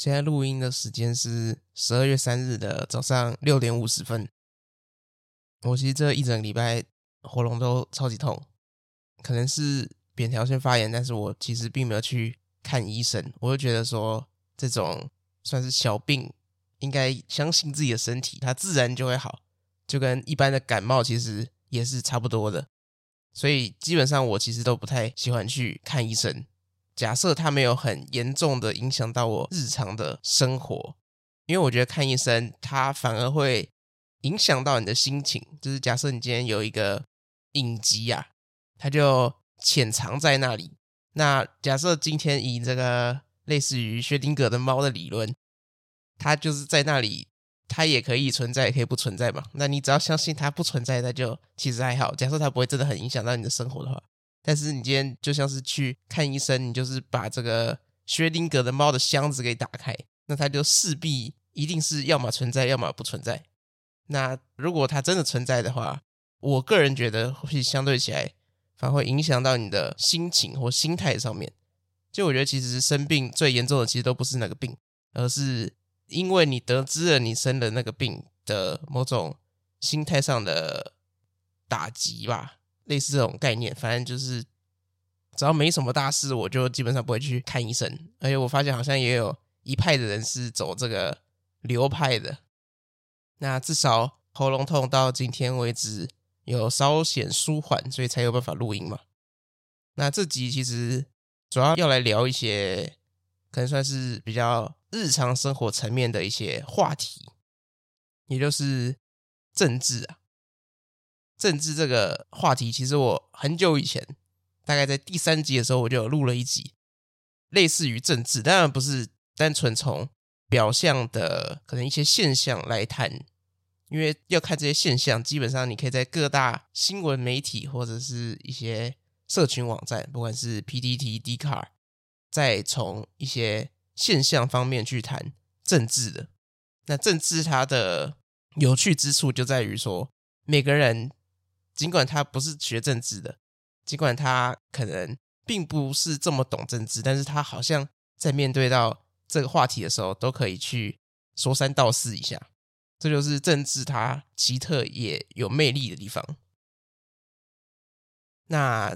現在錄音的時間是十二月三日的早上六點五十分。我其實這一整個禮拜喉嚨都超級痛，可能是扁桃腺發炎，但是我其實並沒有去看醫生。我就覺得說這種算是小病，應該相信自己的身體，它自然就會好，就跟一般的感冒其實也是差不多的。所以基本上我其實都不太喜歡去看醫生。假設它沒有很嚴重的影響到我日常的生活，因為我覺得看醫生它反而會影響到你的心情。就是假設你今天有一個隱疾啊，它就潛藏在那裡。那假設今天以這個類似於薛定諤的貓的理論，它就是在那裡，它也可以存在，也可以不存在嘛。那你只要相信它不存在，那就其實還好。假設它不會真的很影響到你的生活的話。但是你今天就像是去看醫生，你就是把這個薛丁格的貓的箱子給打開，那它就勢必一定是要麼存在，要麼不存在。那如果它真的存在的話，我個人覺得會相對起來反而會影響到你的心情或心態上面。就我覺得，其實生病最嚴重的其實都不是那個病，而是因為你得知了你生的那個病的某種心態上的打擊吧。類似這種概念，反正就是只要沒什麼大事，我就基本上不會去看醫生。而且我發現好像也有一派的人是走這個流派的。那至少喉嚨痛到今天為止有稍顯舒緩，所以才有辦法錄音嘛。那這集其實主要要來聊一些可能算是比較日常生活層面的一些話題，也就是政治啊。政治這個話題，其實我很久以前，大概在第三集的時候，我就有錄了一集，類似於政治，當然不是單純從表象的可能一些現象來談，因為要看這些現象，基本上你可以在各大新聞媒體或者是一些社群網站，不管是 PTT、D 卡，再從一些現象方面去談政治的。那政治它的有趣之處就在於說，每個人。儘管他不是學政治的，儘管他可能並不是這麼懂政治，但是他好像在面對到這個話題的時候，都可以去說三道四一下。這就是政治它奇特也有魅力的地方。那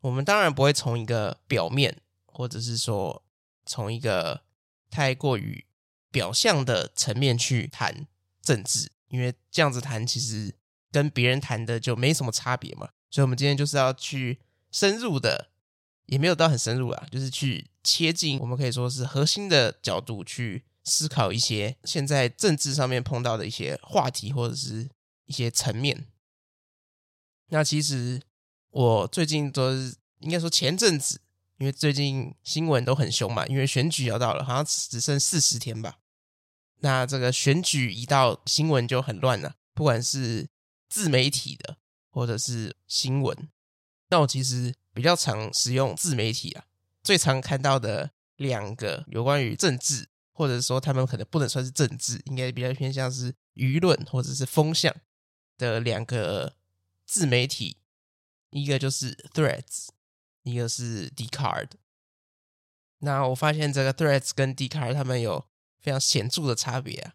我們當然不會從一個表面，或者是說從一個太過於表象的層面去談政治，因為這樣子談其實。跟別人談的就沒什麼差別嘛，所以，我們今天就是要去深入的，也沒有到很深入啦。就是去切近我們可以說是核心的角度去思考一些現在政治上面碰到的一些話題，或者是一些層面。那其實我最近都是應該說前陣子，因為最近新聞都很兇嘛，因為選舉要到了，好像只剩四十天吧。那這個選舉一到，新聞就很亂了，不管是。自媒體的，或者是新聞，那我其實比較常使用自媒體啊。最常看到的兩個有關於政治，或者說他們可能不能算是政治，應該比較偏向是輿論或者是風向的兩個自媒體，一個就是 Threads，一個是 Dcard。那我發現這個 Threads 跟 Dcard 他們有非常顯著的差別啊，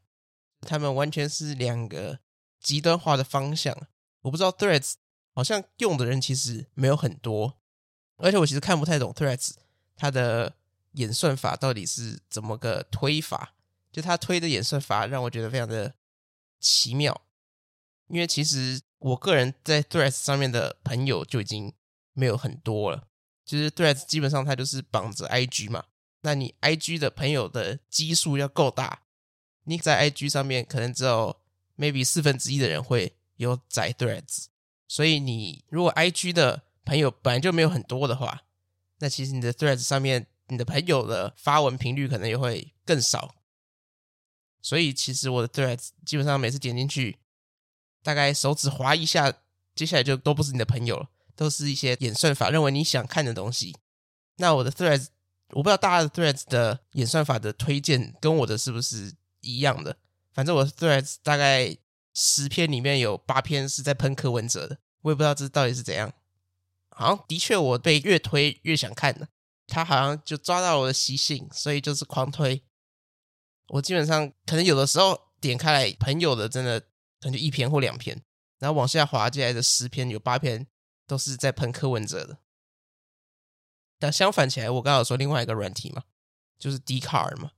他們完全是兩個。極端化的方向，我不知道 Threads 好像用的人其實沒有很多，而且我其實看不太懂 Threads 它的演算法到底是怎麼個推法，就它推的演算法讓我覺得非常的奇妙，因為其實我個人在 Threads 上面的朋友就已經沒有很多了，其實 Threads 基本上它就是綁着 IG 嘛，那你 IG 的朋友的基數要夠大，你在 IG 上面可能只有。1 Maybe 四分之一的人會有載 threads，所以你如果 IG 的朋友本來就沒有很多的話，那其實你的 threads 上面你的朋友的發文頻率可能也會更少。所以其實我的 threads 基本上每次點進去，大概手指滑一下，接下來就都不是你的朋友了，都是一些演算法認為你想看的東西。那我的 threads，我不知道大家的 threads 的演算法的推薦跟我的是不是一樣的？反正我對大概十篇裡面有八篇是在噴柯文哲的，我也不知道這到底是怎樣。好，的確我被越推越想看的，他好像就抓到了我的習性，所以就是狂推。我基本上可能有的時候點開來，朋友的真的可能就一篇或兩篇，然後往下滑進來的十篇有八篇都是在噴柯文哲的。但相反起來，我剛剛說另外一個軟體嘛，就是 Dcard 嘛。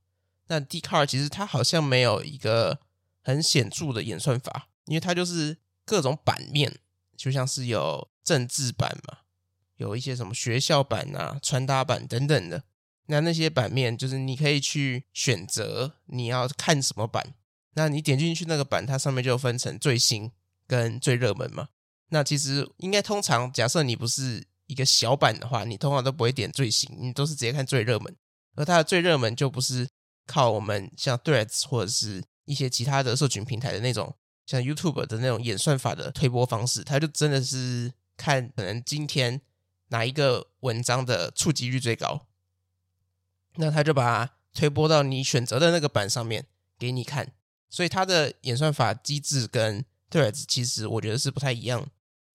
那 D 卡其實它好像沒有一個很顯著的演算法，因為它就是各種版面，就像是有政治版嘛，有一些什麼學校版啊、穿搭版等等的。那那些版面就是你可以去選擇你要看什麼版。那你點進去那個版，它上面就分成最新跟最熱門嘛。那其實應該通常假設你不是一個小版的話，你通常都不會點最新，你都是直接看最熱門。而它的最熱門就不是。靠我們像 Threads 或者是一些其他的社群平台的那種，像 YouTube 的那種演算法的推播方式，它就真的是看可能今天哪一個文章的觸及率最高，那他就把他推播到你選擇的那個版上面給你看。所以它的演算法機制跟 Threads 其實我覺得是不太一樣。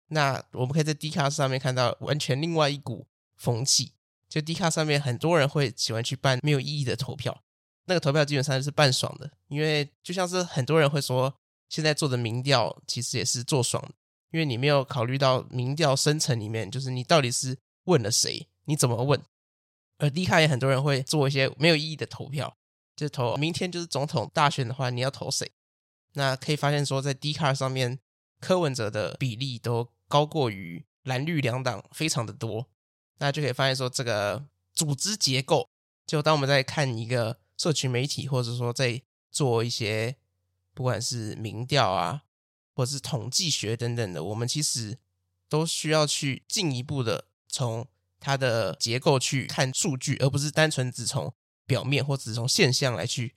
那我們可以在 D 卡上面看到完全另外一股風氣，就 D 卡上面很多人會喜歡去辦沒有意義的投票。那個投票基本上就是半爽的，因為就像是很多人會說，現在做的民調其實也是做爽的，因為你沒有考慮到民調生成裡面，就是你到底是問了誰，你怎麼問。而 D 卡也很多人會做一些沒有意義的投票，就投明天就是總統大選的話，你要投誰？那可以發現說，在 D 卡上面，柯文哲的比例都高過於藍綠兩黨非常的多，那就可以發現說，這個組織結構，就當我們在看一個。社群媒體，或者說在做一些不管是民調啊，或者是統計學等等的，我們其實都需要去進一步的從它的結構去看數據，而不是單純只從表面或者只從現象來去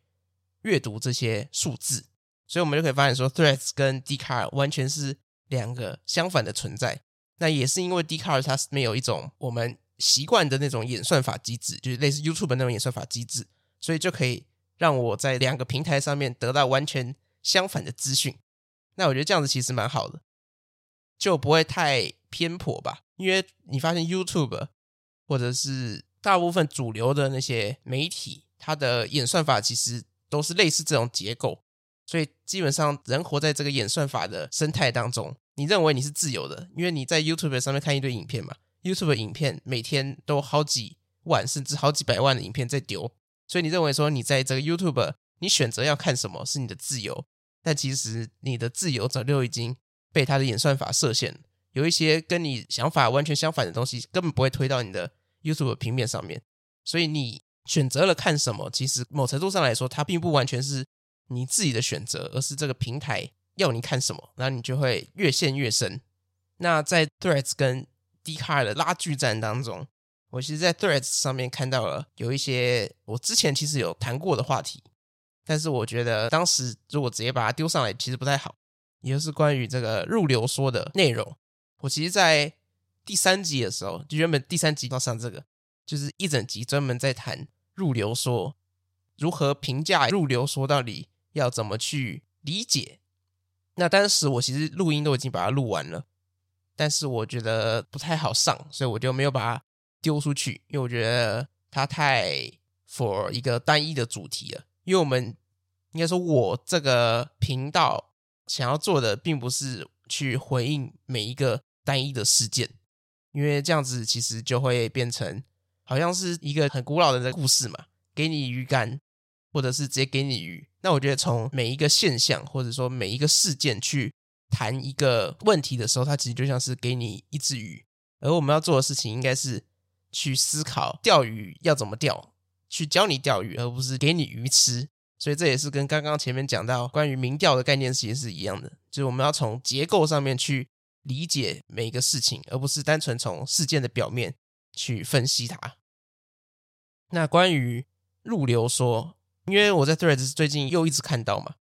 閱讀這些數字。所以，我們就可以發現說，Threads 跟 Dcard 完全是兩個相反的存在。那也是因為 Dcard 它是沒有一種我們習慣的那種演算法機制，就是類似 YouTube 那種演算法機制。所以就可以讓我在兩個平台上面得到完全相反的資訊。那我覺得這樣子其實蠻好的，就不會太偏頗吧？因為你發現 YouTube 或者是大部分主流的那些媒體，它的演算法其實都是類似這種結構。所以基本上人活在這個演算法的生態當中，你認為你是自由的，因為你在 YouTube 上面看一堆影片嘛。YouTube 影片每天都好幾萬甚至好幾百萬的影片在丟。所以你認為說你在這個 YouTube，你選擇要看什麼是你的自由，但其實你的自由早就已經被它的演算法設限，有一些跟你想法完全相反的東西根本不會推到你的 YouTube 平面上面。所以你選擇了看什麼，其實某程度上來說，它並不完全是你自己的選擇，而是這個平台要你看什麼，然後你就會越陷越深。那在 Threads 跟 Dcard 的拉鋸戰當中。我其實，在 Threads 上面看到了有一些我之前其實有談過的話題，但是我覺得當時如果直接把它丟上來，其實不太好。也就是關於這個入流說的內容。我其實，在第三集的時候，就原本第三集要上這個，就是一整集專門在談入流說，如何評價入流說，到底要怎麼去理解。那當時我其實錄音都已經把它錄完了，但是我覺得不太好上，所以我就沒有把它。丟出去，因為我覺得它太 for 一個單一的主題了。因為我們應該說，我這個頻道想要做的，並不是去回應每一個單一的事件，因為這樣子其實就會變成好像是一個很古老的故事嘛。給你魚竿，或者是直接給你魚。那我覺得，從每一個現象或者說每一個事件去談一個問題的時候，它其實就像是給你一隻魚，而我們要做的事情應該是。去思考釣魚要怎麼釣，去教你釣魚，而不是給你魚吃。所以這也是跟剛剛前面講到關於民調的概念其實是一樣的，就是我們要從結構上面去理解每一個事情，而不是單純從事件的表面去分析它。那關於入流說，因為我在 Threads 最近又一直看到嘛，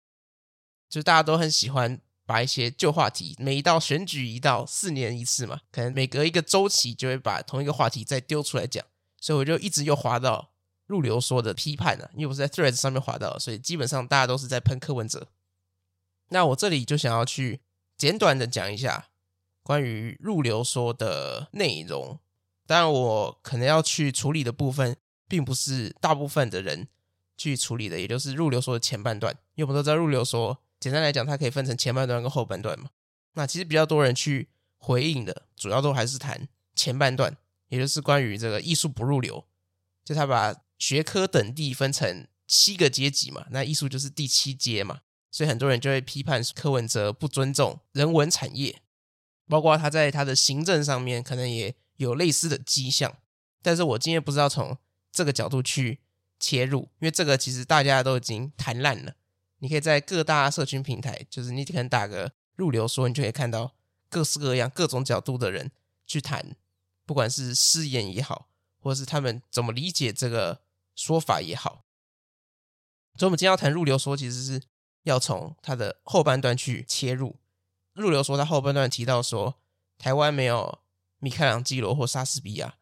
就是大家都很喜歡。把一些舊話題，每一道選舉一到，四年一次嘛，可能每隔一個周期就會把同一個話題再丟出來講，所以我就一直又滑到入流說的批判了。啊，因為我是在 threads 上面滑到，所以基本上大家都是在噴柯文哲。那我這裡就想要去簡短的講一下關於入流說的內容，當然我可能要去處理的部分，並不是大部分的人去處理的，也就是入流說的前半段，因為我們都知道入流說。簡單來講，它可以分成前半段跟後半段嘛。那其實比較多人去回應的主要都還是談前半段，也就是關於這個藝術不入流，就他把學科等地分成七個階級嘛。那藝術就是第七階嘛，所以很多人就會批判柯文哲不尊重人文產業，包括他在他的行政上面可能也有類似的跡象。但是我今天不知道從這個角度去切入，因為這個其實大家都已經談爛了。你可以在各大社群平台，就是你可能打個“入流說”，你就可以看到各式各樣、各種角度的人去談，不管是試驗也好，或者是他們怎麼理解這個說法也好。所以，我們今天要談“入流說”，其實是要從它的後半段去切入。“入流說”他後半段提到說，台灣沒有米開朗基羅或莎士比亞，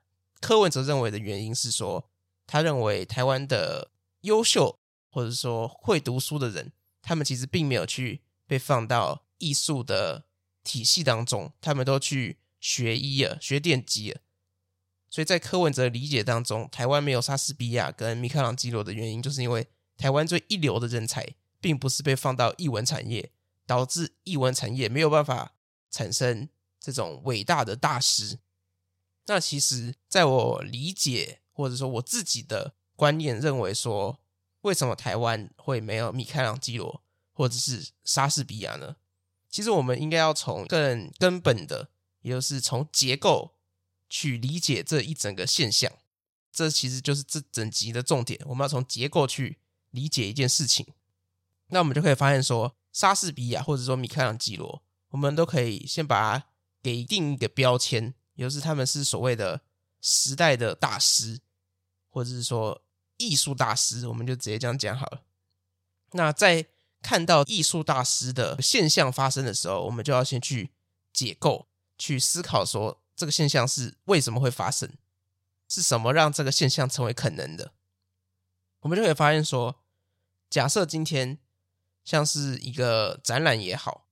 柯文哲認為的原因是說，他認為台灣的優秀。或者說會讀書的人，他們其實並沒有去被放到藝術的體系當中，他們都去學醫了、學電機了。所以在柯文哲理解當中，台灣沒有莎士比亞跟米開朗基羅的原因，就是因為台灣最一流的人才，並不是被放到藝文產業，導致藝文產業沒有辦法產生這種偉大的大師。那其實在我理解，或者說我自己的觀念認為說。為什麼台灣會沒有米開朗基羅或者是莎士比亞呢？其實我們應該要從更根本的，也就是從結構去理解這一整個現象。這其實就是這整集的重點，我們要從結構去理解一件事情。那我們就可以發現說，莎士比亞或者說米開朗基羅，我們都可以先把它給定一個標籤，也就是他們是所謂的時代的大師，或者是說。藝術大師，我們就直接這樣講好了。那在看到藝術大師的現象發生的時候，我們就要先去解構，去思考說這個現象是為什麼會發生，是什麼讓這個現象成為可能的。我們就會發現說，假設今天像是一個展覽也好，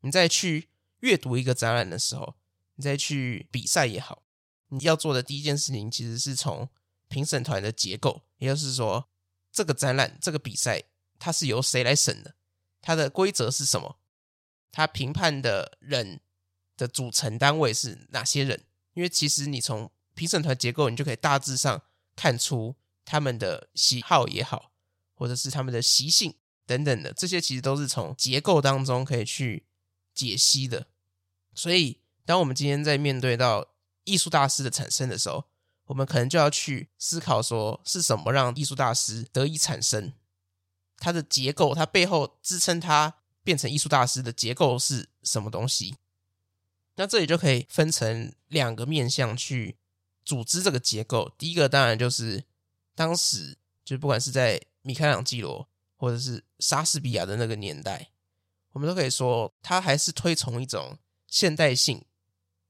你再去閱讀一個展覽的時候，你再去比賽也好，你要做的第一件事情其實是從。評審團的結構，也就是說，這個展覽、這個比賽，它是由誰來審的？它的規則是什麼？它評判的人的組成單位是哪些人？因為其實你從評審團結構，你就可以大致上看出他們的喜好也好，或者是他們的習性等等的，這些其實都是從結構當中可以去解析的。所以，當我們今天在面對到藝術大師的產生的時候，我們可能就要去思考，說是什麼讓藝術大師得以產生？它的結構，它背後支撐它變成藝術大師的結構是什麼東西？那這裡就可以分成兩個面向去組織這個結構。第一個當然就是當時，就不管是在米開朗基羅或者是莎士比亞的那個年代，我們都可以說他還是推崇一種現代性。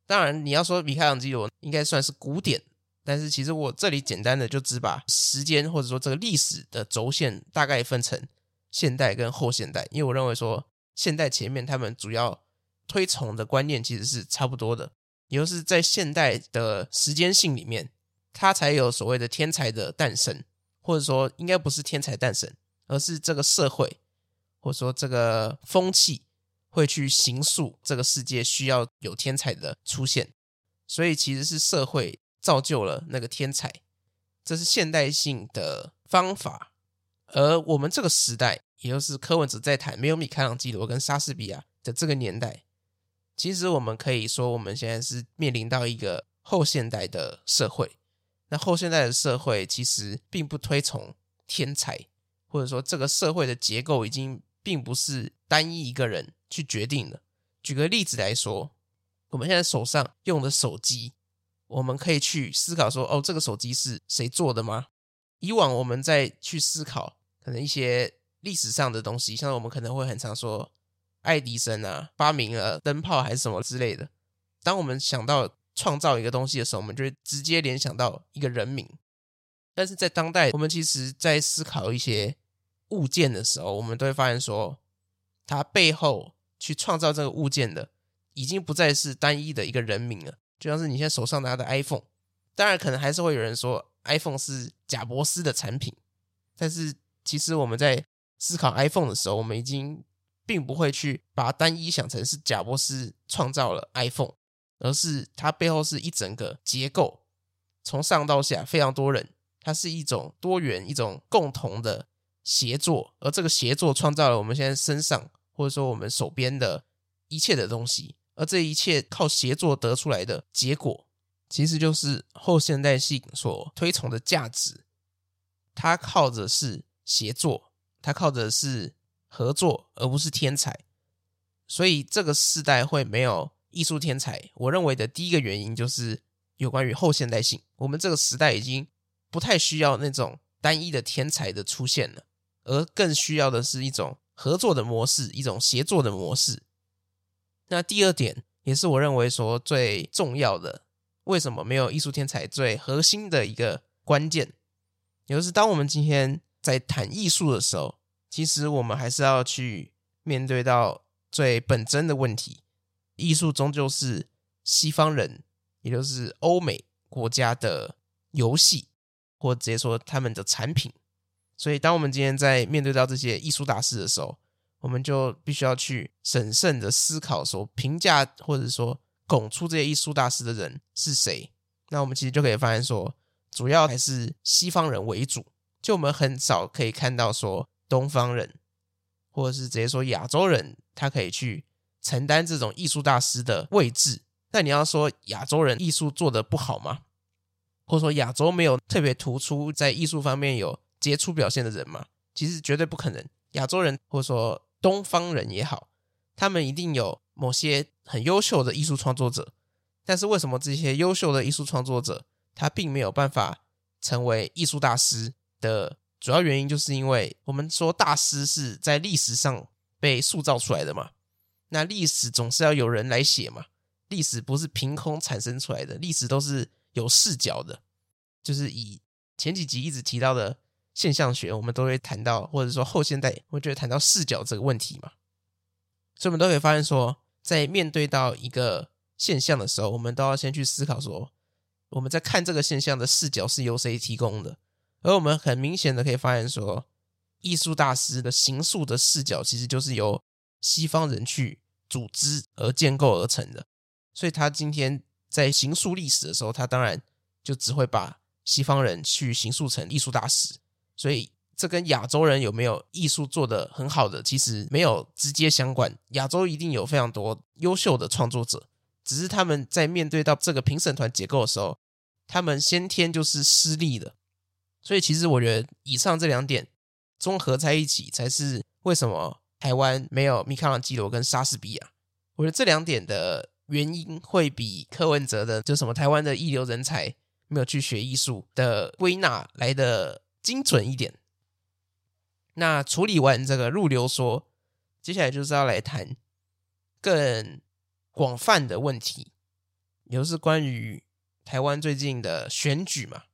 當然，你要說米開朗基羅應該算是古典。但是其實我這裡簡單的就只把時間或者說這個歷史的軸線大概分成現代跟後現代，因為我認為說現代前面他們主要推崇的觀念其實是差不多的，也就是在現代的時間性裡面，它才有所謂的天才的誕生，或者說應該不是天才誕生，而是這個社會或者說這個風氣會去形塑這個世界需要有天才的出現，所以其實是社會。造就了那個天才，這是現代性的方法。而我們這個時代，也就是柯文哲在談沒有米開朗基羅跟莎士比亞的這個年代，其實我們可以說，我們現在是面臨到一個後現代的社會。那後現代的社會其實並不推崇天才，或者說這個社會的結構已經並不是單一一個人去決定的。舉個例子來說，我們現在手上用的手機，我們可以去思考說，哦，這個手機是誰做的嗎？以往我們在去思考可能一些歷史上的東西，像我們可能會很常說，愛迪生啊發明了燈泡還是什麼之類的。當我們想到創造一個東西的時候，我們就會直接聯想到一個人名。但是在當代，我們其實，在思考一些物件的時候，我們都會發現說，它背後去創造這個物件的，已經不再是單一的一個人名了。就像是你現在手上拿的 iPhone，當然可能還是會有人說 iPhone 是賈伯斯的產品，但是其實我們在思考 iPhone 的時候，我們已經並不會去把它單一想成是賈伯斯創造了 iPhone，而是它背後是一整個結構，從上到下非常多人，它是一種多元、一種共同的協作，而這個協作創造了我們現在身上或者說我們手邊的一切的東西。而這一切靠協作得出來的結果，其實就是後現代性所推崇的價值。它靠的是協作，它靠的是合作，而不是天才。所以這個世代會沒有藝術天才，我認為的第一個原因就是有關於後現代性。我們這個時代已經不太需要那種單一的天才的出現了，而更需要的是一種合作的模式，一種協作的模式。那第二點，也是我認為說最重要的，為什麼沒有藝術天才？最核心的一個關鍵，也就是當我們今天在談藝術的時候，其實我們還是要去面對到最本真的問題。藝術終究是西方人，也就是歐美國家的遊戲，或直接說他們的產品。所以，當我們今天在面對到這些藝術大師的時候，我們就必須要去審慎的思考，說評價或者說拱出這些藝術大師的人是誰？那我們其實就可以發現，說主要還是西方人為主，就我們很少可以看到說東方人，或者是直接說亞洲人，他可以去承擔這種藝術大師的位置。那你要說亞洲人藝術做得不好嗎？或者說亞洲沒有特別突出在藝術方面有傑出表現的人嗎？其實絕對不可能。亞洲人或者說東方人也好，他們一定有某些很優秀的藝術創作者，但是為什麼這些優秀的藝術創作者他並沒有辦法成為藝術大師的主要原因，就是因為我們說大師是在歷史上被塑造出來的嘛，那歷史總是要有人來寫嘛，歷史不是憑空產生出來的，歷史都是有視角的，就是以前幾集一直提到的。現象學，我們都會談到，或者說後現代，我覺得談到視角這個問題嘛，所以，我們都可以發現說，在面對到一個現象的時候，我們都要先去思考說，我們在看這個現象的視角是由誰提供的。而我們很明顯的可以發現說，藝術大師的形塑的視角其實就是由西方人去組織而建構而成的。所以，他今天在形塑歷史的時候，他當然就只會把西方人去形塑成藝術大師。所以，這跟亞洲人有沒有藝術做得很好的，其實沒有直接相關。亞洲一定有非常多優秀的創作者，只是他們在面對到這個評審團結構的時候，他們先天就是失利的。所以，其實我覺得以上這兩點綜合在一起，才是為什麼台灣沒有米開朗基羅跟莎士比亞。我覺得這兩點的原因，會比柯文哲的就什麼台灣的一流人才沒有去學藝術的歸納來的。精準一點。那處理完這個入流說，接下來就是要來談更廣泛的問題，也就是關於台灣最近的選舉嘛。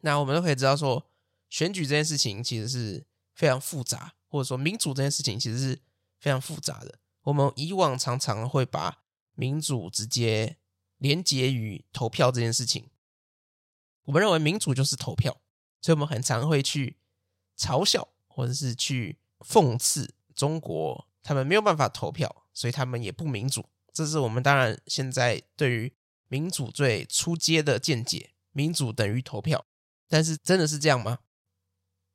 那我們都可以知道說，說選舉這件事情其實是非常複雜，或者說民主這件事情其實是非常複雜的。我們以往常常會把民主直接連結於投票這件事情，我們認為民主就是投票。所以我們很常會去嘲笑或者是去諷刺中國，他們沒有辦法投票，所以他們也不民主。這是我們當然現在對於民主最初階的見解：民主等於投票。但是真的是這樣嗎？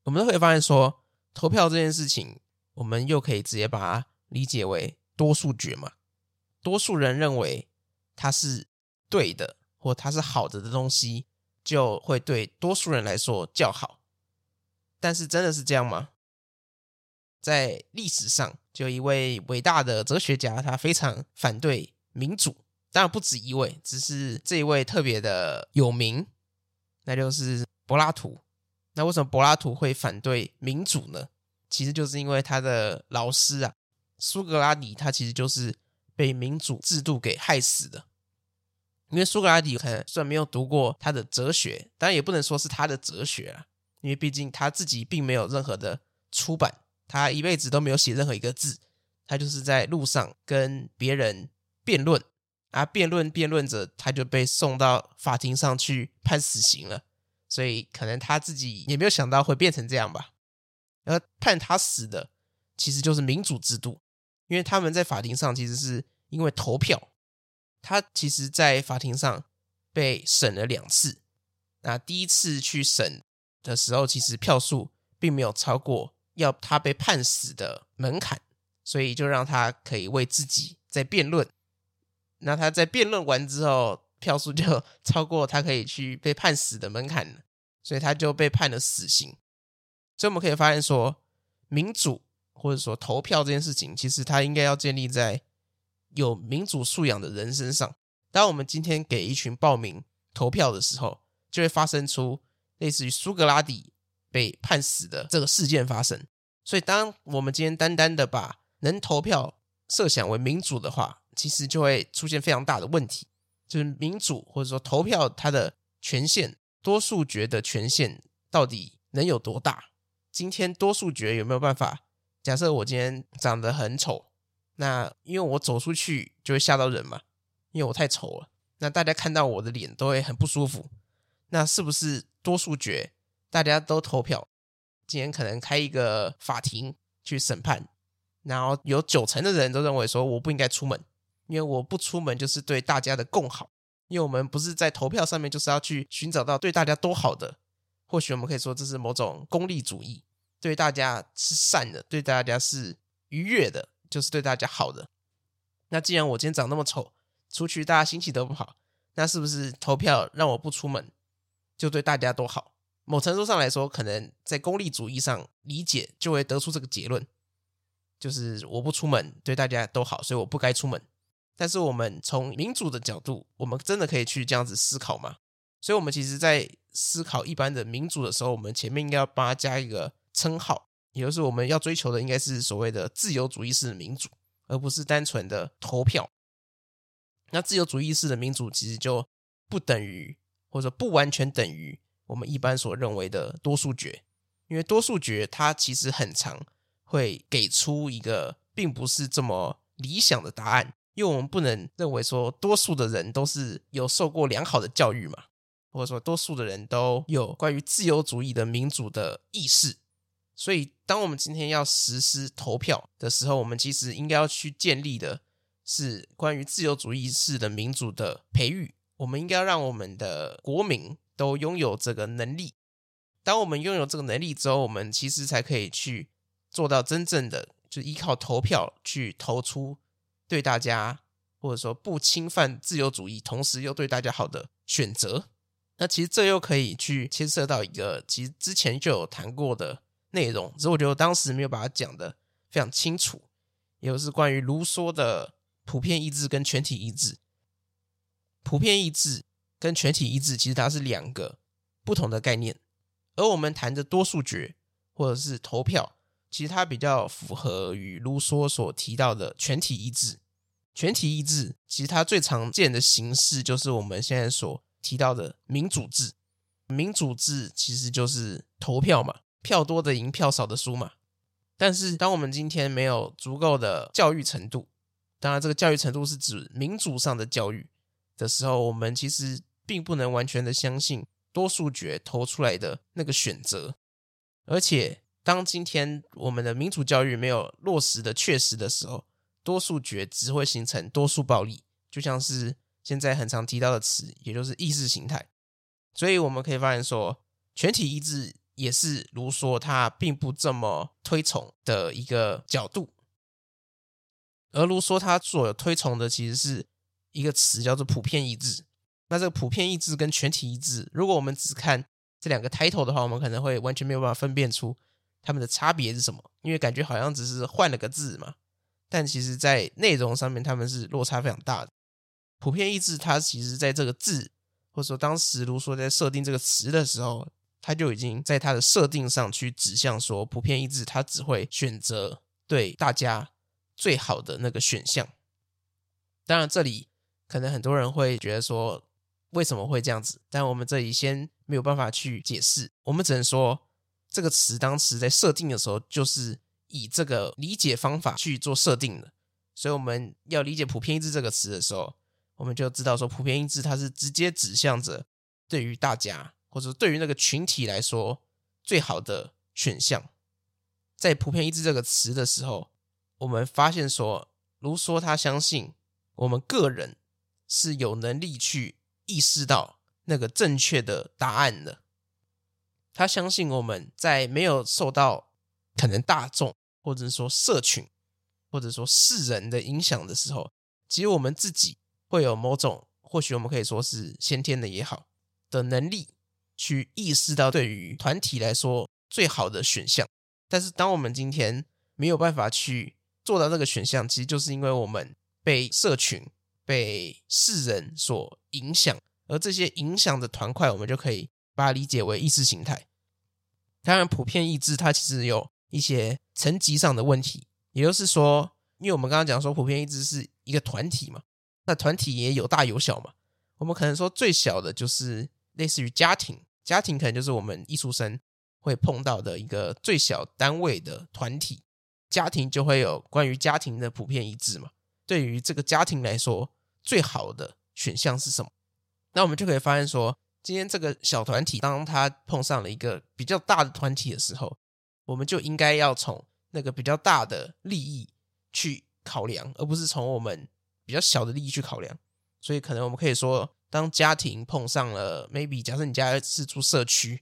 我們都會發現說，投票這件事情，我們又可以直接把它理解為多數決嘛。多數人認為它是對的或它是好的的東西。就會對多數人來說較好，但是真的是這樣嗎？在歷史上，就一位偉大的哲學家，他非常反對民主。當然不止一位，只是這一位特別的有名，那就是柏拉圖。那為什麼柏拉圖會反對民主呢？其實就是因為他的老師啊，蘇格拉底，他其實就是被民主制度給害死的。因為蘇格拉底可能雖然沒有讀過他的哲學，當然也不能說是他的哲學啊，因為畢竟他自己並沒有任何的出版，他一輩子都沒有寫任何一個字，他就是在路上跟別人辯論，啊，辯論辯論着，他就被送到法庭上去判死刑了。所以可能他自己也沒有想到會變成這樣吧。而判他死的其實就是民主制度，因為他們在法庭上其實是因為投票。他其實，在法庭上被審了兩次。那第一次去審的時候，其實票數並沒有超過要他被判死的門檻，所以就讓他可以為自己在辯論。那他在辯論完之後，票數就超過他可以去被判死的門檻了，所以他就被判了死刑。所以我們可以發現說，說民主或者說投票這件事情，其實它應該要建立在。有民主素養的人身上，當我們今天給一群暴民投票的時候，就會發生出類似於蘇格拉底被判死的這個事件發生。所以，當我們今天單單的把能投票設想為民主的話，其實就會出現非常大的問題，就是民主或者說投票它的權限，多數決的權限到底能有多大？今天多數決有沒有辦法？假設我今天長得很醜。那因為我走出去就會嚇到人嘛，因為我太醜了。那大家看到我的臉都會很不舒服。那是不是多數決大家都投票，今天可能開一個法庭去審判，然後有九成的人都認為說我不應該出門，因為我不出門就是對大家的共好。因為我們不是在投票上面，就是要去尋找到對大家都好的。或許我們可以說這是某種功利主義，對大家是善的，對大家是愉悅的。就是對大家好的。那既然我今天長那麼醜，出去大家心情都不好，那是不是投票讓我不出門，就對大家都好？某程度上來說，可能在功利主義上理解，就會得出這個結論：就是我不出門對大家都好，所以我不該出門。但是我們從民主的角度，我們真的可以去這樣子思考嗎？所以，我們其實，在思考一般的民主的時候，我們前面應該要幫他加一個稱號。也就是我們要追求的，應該是所謂的自由主義式的民主，而不是單純的投票。那自由主義式的民主其實就不等於，或者不完全等於我們一般所認為的多數決，因為多數決它其實很常會給出一個並不是這麼理想的答案，因為我們不能認為說多數的人都是有受過良好的教育嘛，或者說多數的人都有關於自由主義的民主的意識。所以，當我們今天要實施投票的時候，我們其實應該要去建立的是關於自由主義式的民主的培育。我們應該要讓我們的國民都擁有這個能力。當我們擁有這個能力之後，我們其實才可以去做到真正的，就依靠投票去投出對大家或者說不侵犯自由主義，同時又對大家好的選擇。那其實這又可以去牽涉到一個，其實之前就有談過的。內容，只是我覺得我當時沒有把它講的非常清楚，也就是關於盧梭的普遍意志跟全體意志。普遍意志跟全體意志其實它是兩個不同的概念，而我們談的多數決或者是投票，其實它比較符合於盧梭所提到的全體意志。全體意志其實它最常見的形式就是我們現在所提到的民主制，民主制其實就是投票嘛。票多的贏，票少的輸嘛。但是，當我們今天沒有足夠的教育程度，當然，這個教育程度是指民主上的教育的時候，我們其實並不能完全的相信多數決投出來的那個選擇。而且，當今天我們的民主教育沒有落實的確實的時候，多數決只會形成多數暴力，就像是現在很常提到的詞，也就是意識形態。所以，我們可以發現說，全體意志。也是盧梭他並不這麼推崇的一個角度，而盧梭他所推崇的其實是一個詞叫做“普遍意志”。那這個“普遍意志”跟“全體意志”，如果我們只看這兩個 title 的話，我們可能會完全沒有辦法分辨出它們的差別是什麼，因為感覺好像只是換了個字嘛。但其實在內容上面，他們是落差非常大的。“普遍意志”它其實在這個字，或者說當時盧梭在設定這個詞的時候。他就已經在他的設定上去指向說，普遍意志他只會選擇對大家最好的那個選項。當然，這裡可能很多人會覺得說，為什麼會這樣子？但我們這裡先沒有辦法去解釋，我們只能說這個詞當時在設定的時候，就是以這個理解方法去做設定的。所以，我們要理解“普遍意志”這個詞的時候，我們就知道說，普遍意志它是直接指向着對於大家。或者對於那個群體來說，最好的選項，在普遍意志這個詞的時候，我們發現說，盧梭他相信我們個人是有能力去意識到那個正確的答案的。他相信我們在沒有受到可能大眾，或者是說社群，或者說世人的影響的時候，其實我們自己會有某種，或許我們可以說是先天的也好，的能力。去意識到對於團體來說最好的選項，但是當我們今天沒有辦法去做到這個選項，其實就是因為我們被社群、被世人所影響，而這些影響的團塊，我們就可以把它理解為意識形態。當然，普遍意志它其實有一些層級上的問題，也就是說，因為我們剛剛講說普遍意志是一個團體嘛，那團體也有大有小嘛，我們可能說最小的就是類似於家庭。家庭可能就是我們一出生會碰到的一個最小單位的團體，家庭就會有關於家庭的普遍意志嘛。對於這個家庭來說，最好的選項是什麼？那我們就可以發現說，今天這個小團體，當他碰上了一個比較大的團體的時候，我們就應該要從那個比較大的利益去考量，而不是從我們比較小的利益去考量。所以，可能我們可以說。當家庭碰上了，maybe 假設你家是住社區，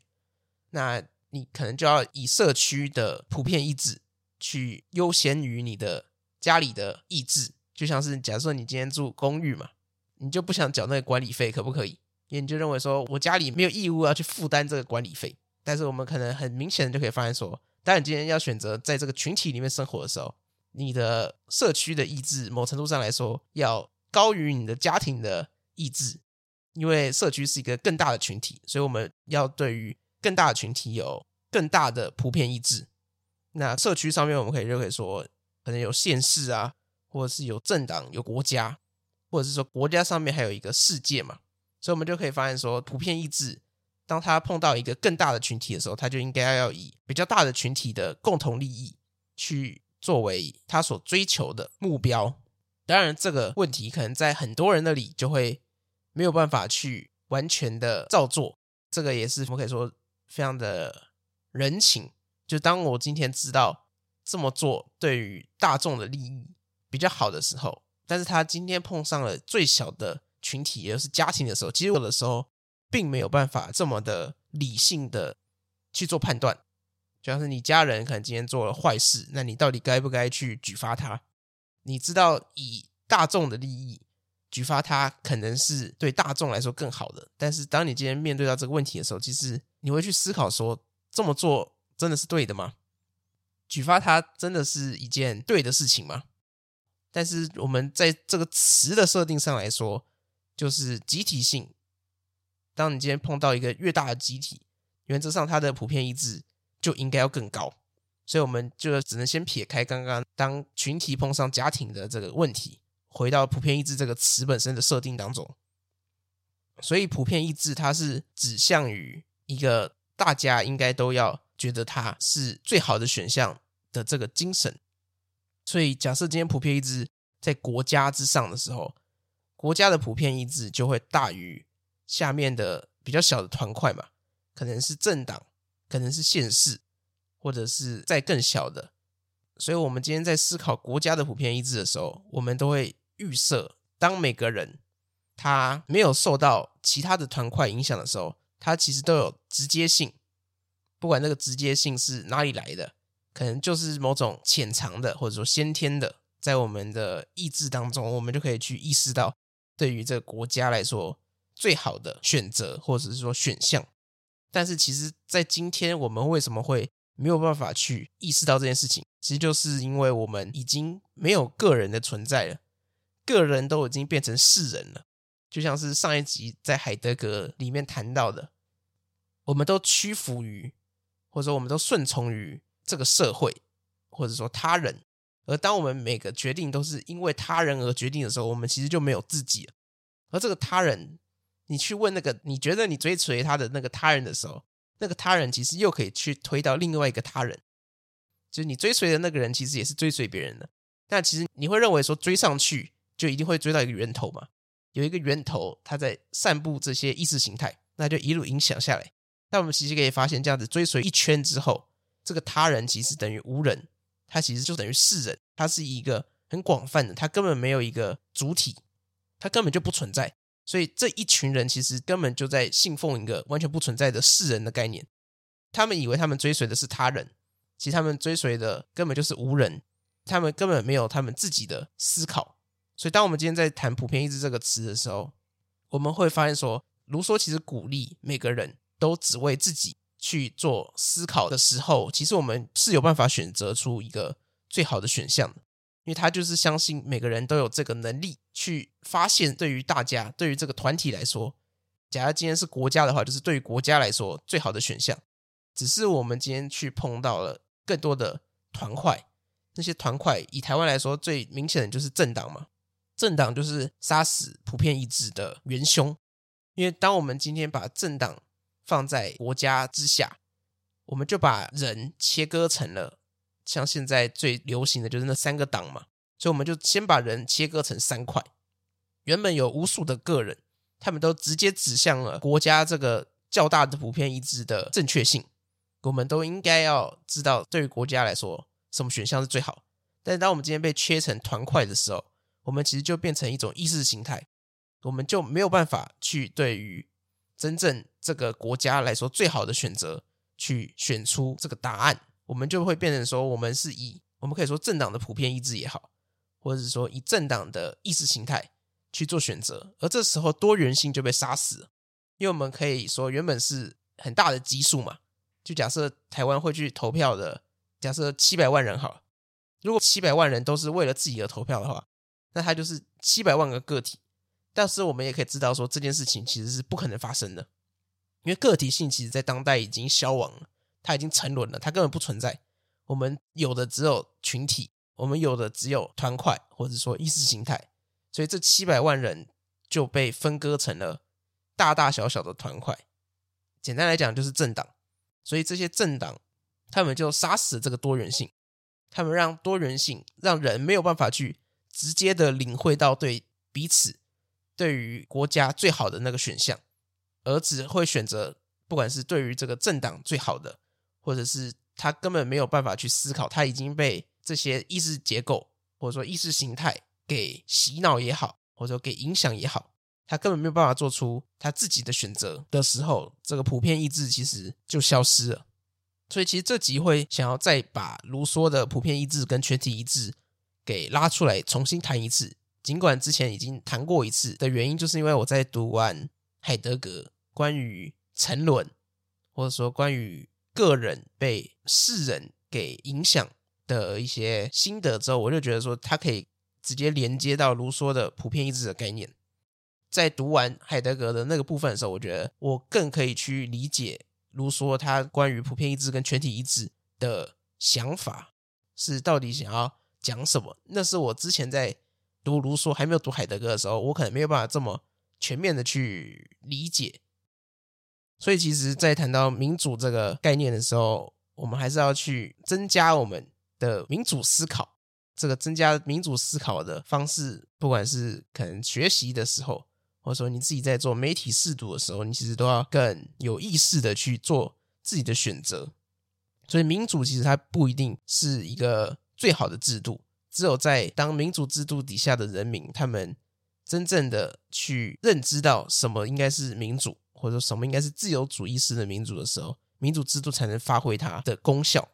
那你可能就要以社區的普遍意志去優先於你的家裡的意志。就像是假設你今天住公寓嘛，你就不想繳那個管理費，可不可以？因為你就認為說我家裡沒有義務要去負擔這個管理費。但是我們可能很明顯的就可以發現說，當你今天要選擇在這個群體裡面生活的時候，你的社區的意志，某程度上來說，要高於你的家庭的意志。因為社區是一個更大的群體，所以我們要對於更大的群體有更大的普遍意志。那社區上面我們可以就可以說，可能有縣市啊，或者是有政黨、有國家，或者是說國家上面還有一個世界嘛，所以我們就可以發現說，普遍意志，當他碰到一個更大的群體的時候，他就應該要以比較大的群體的共同利益去作為他所追求的目標。當然，這個問題可能在很多人那裡就會。沒有辦法去完全的照做，這個也是我們可以說非常的人情。就當我今天知道這麼做對於大眾的利益比較好的時候，但是他今天碰上了最小的群體，也就是家庭的時候，其實有的時候並沒有辦法這麼的理性的去做判斷。就像是你家人可能今天做了壞事，那你到底該不該去舉發他？你知道以大眾的利益。舉發他可能是對大眾來說更好的，但是當你今天面對到這個問題的時候，其實你會去思考說，這麼做真的是對的嗎？舉發他真的是一件對的事情嗎？但是我們在這個詞的設定上來說，就是集體性。當你今天碰到一個越大的集體，原則上它的普遍意志就應該要更高，所以我們就只能先撇開剛剛當群體碰上家庭的這個問題。回到“普遍意志”這個詞本身的設定當中，所以“普遍意志”它是指向於一個大家應該都要覺得它是最好的選項的這個精神。所以，假設今天“普遍意志”在國家之上的時候，國家的“普遍意志”就會大於下面的比較小的團塊嘛。可能是政黨，可能是縣市，或者是再更小的。所以，我們今天在思考國家的“普遍意志”的時候，我們都會。預設，當每個人他沒有受到其他的團塊影響的時候，他其實都有直接性。不管那個直接性是哪裡來的，可能就是某種潛藏的，或者說先天的，在我們的意志當中，我們就可以去意識到，對於這個國家來說，最好的選擇或者是說選項。但是，其實，在今天我們為什麼會沒有辦法去意識到這件事情，其實就是因為我們已經沒有個人的存在了。個人都已經變成世人了，就像是上一集在海德格裡面談到的，我們都屈服於，或者說我們都順從於這個社會，或者說他人。而當我們每個決定都是因為他人而決定的時候，我們其實就沒有自己了。而這個他人，你去問那個你覺得你追隨他的那個他人的時候，那個他人其實又可以去推到另外一個他人，就是你追隨的那個人其實也是追隨別人的。但其實你會認為說追上去。就一定會追到一個源頭嘛？有一個源頭，它在散布這些意識形態，那就一路影響下來。但我們其實可以發現，這樣子追隨一圈之後，這個他人其實等於無人，他其實就等於世人，他是一個很廣泛的，他根本沒有一個主體，他根本就不存在。所以這一群人其實根本就在信奉一個完全不存在的世人的概念。他們以為他們追隨的是他人，其實他們追隨的根本就是無人，他們根本沒有他們自己的思考。所以，當我們今天在談“普遍意志”這個詞的時候，我們會發現說，盧梭其實鼓勵每個人都只為自己去做思考的時候，其實我們是有辦法選擇出一個最好的選項的，因為他就是相信每個人都有這個能力去發現，對於大家，對於這個團體來說，假如今天是國家的話，就是對於國家來說最好的選項。只是我們今天去碰到了更多的團塊，那些團塊，以台灣來說，最明顯的就是政黨嘛。政黨就是殺死普遍意志的元凶，因為當我們今天把政黨放在國家之下，我們就把人切割成了像現在最流行的就是那三個黨嘛，所以我們就先把人切割成三塊。原本有無數的個人，他們都直接指向了國家這個較大的普遍意志的正確性，我們都應該要知道對於國家來說什麼選項是最好。但是當我們今天被切成團塊的時候，我們其實就變成一種意識形態，我們就沒有辦法去對於真正這個國家來說最好的選擇去選出這個答案。我們就會變成說，我們是以我們可以說政黨的普遍意志也好，或者是說以政黨的意識形態去做選擇，而這時候多元性就被殺死，因為我們可以說原本是很大的基數嘛，就假設台灣會去投票的，假設七百萬人好，如果七百萬人都是為了自己的投票的話。那它就是七百萬個個體，但是我們也可以知道說這件事情其實是不可能發生的，因為個體性其實在當代已經消亡了，它已經沉淪了，它根本不存在。我們有的只有群體，我們有的只有團塊，或者說意識形態。所以這七百萬人就被分割成了大大小小的團塊。簡單來講就是政黨，所以這些政黨他們就殺死了這個多元性，他們讓多元性讓人沒有辦法去，直接的領會到對彼此對於國家最好的那個選項，而只會選擇不管是對於這個政黨最好的，或者是他根本沒有辦法去思考，他已經被這些意識結構或者說意識形態給洗腦也好，或者說給影響也好，他根本沒有辦法做出他自己的選擇的時候，這個普遍意志其實就消失了。所以其實這集會想要再把盧梭的普遍意志跟全體意志。給拉出來重新談一次，儘管之前已經談過一次的原因，就是因為我在讀完海德格關於沉淪，或者說關於個人被世人給影響的一些心得之後，我就覺得說他可以直接連接到盧梭的普遍意志的概念。在讀完海德格的那個部分的時候，我覺得我更可以去理解盧梭他關於普遍意志跟全體意志的想法，是到底想要講什麼？那是我之前在讀盧梭，還沒有讀海德格的時候，我可能沒有辦法這麼全面的去理解。所以，其實，在談到民主這個概念的時候，我們還是要去增加我們的民主思考。這個增加民主思考的方式，不管是可能學習的時候，或者說你自己在做媒體識讀的時候，你其實都要更有意識的去做自己的選擇。所以，民主其實它不一定是一個。最好的制度，只有在當民主制度底下的人民他們真正的去認知到什麼應該是民主，或者說什麼應該是自由主義式的民主的時候，民主制度才能發揮它的功效。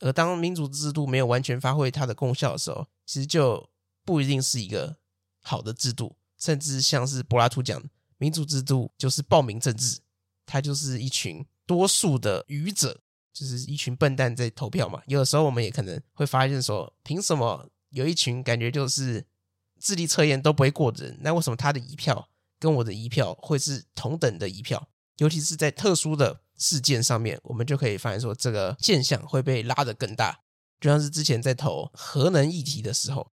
而當民主制度沒有完全發揮它的功效的時候，其實就不一定是一個好的制度，甚至像是柏拉圖講，民主制度就是暴民政治，它就是一群多數的愚者。就是一群笨蛋在投票嘛，有的時候我們也可能會發現說，憑什麼有一群感覺就是智力測驗都不會過的人，那為什麼他的一票跟我的一票會是同等的一票？尤其是在特殊的事件上面，我們就可以發現說，這個現象會被拉得更大。就像是之前在投核能議題的時候，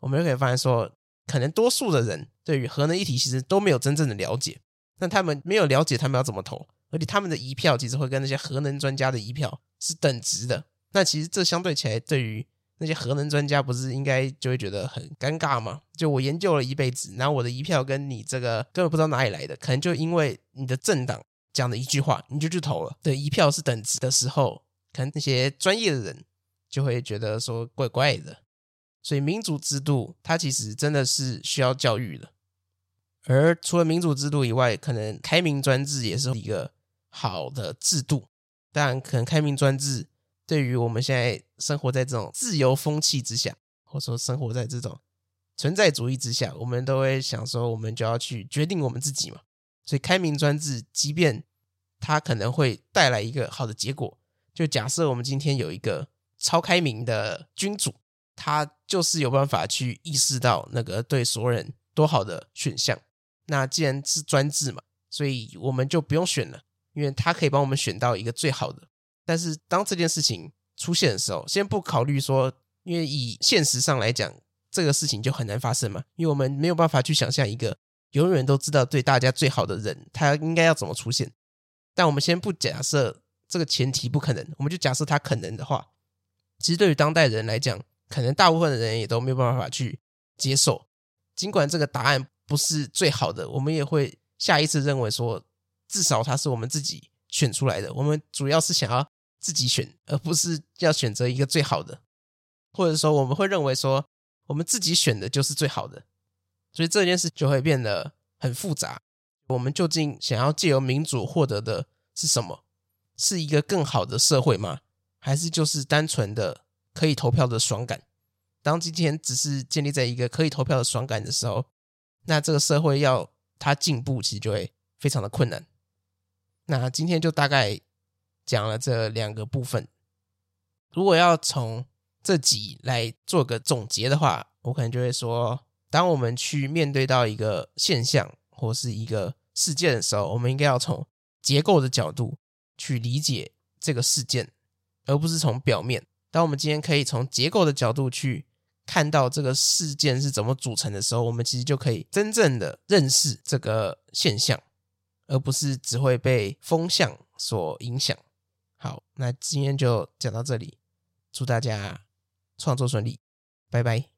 我們就可以發現說，可能多數的人對於核能議題其實都沒有真正的了解，那他們沒有了解，他們要怎麼投？而且他們的一票其實會跟那些核能專家的一票是等值的。那其實這相對起來，對於那些核能專家，不是應該就會覺得很尷尬嗎？就我研究了一輩子，然後我的一票跟你這個根本不知道哪裡來的，可能就因為你的政黨講的一句話，你就去投了。對，一票是等值的時候，可能那些專業的人就會覺得說怪怪的。所以民主制度它其實真的是需要教育的。而除了民主制度以外，可能開明專制也是一個。好的制度，但可能開明專制，對於我們現在生活在這種自由風氣之下，或者說生活在這種存在主義之下，我們都會想說，我們就要去決定我們自己嘛。所以開明專制，即便它可能會帶來一個好的結果，就假設我們今天有一個超開明的君主，他就是有辦法去意識到那個對所有人都好的選項。那既然是專制嘛，所以我們就不用選了。因為他可以幫我們選到一個最好的，但是當這件事情出現的時候，先不考慮說，因為以現實上來講，這個事情就很難發生嘛，因為我們沒有辦法去想象一個永遠都知道對大家最好的人，他應該要怎麼出現。但我們先不假設這個前提不可能，我們就假設他可能的話，其實對於當代人來講，可能大部分的人也都沒有辦法去接受，盡管這個答案不是最好的，我們也會下一次認為說。至少它是我們自己選出來的。我們主要是想要自己選，而不是要選擇一個最好的，或者說我們會認為說我們自己選的就是最好的，所以這件事就會變得很複雜。我們究竟想要借由民主獲得的是什麼？是一個更好的社會嗎？還是就是單純的可以投票的爽感？當今天只是建立在一個可以投票的爽感的時候，那這個社會要它進步，其實就會非常的困難。那今天就大概講了這兩個部分。如果要從這集來做個總結的話，我可能就會說，當我們去面對到一個現象或是一個事件的時候，我們應該要從結構的角度去理解這個事件，而不是從表面。當我們今天可以從結構的角度去看到這個事件是怎麼組成的時候，我們其實就可以真正的認識這個現象。而不是只會被風向所影響。好，那今天就講到這裡，祝大家創作順利，拜拜。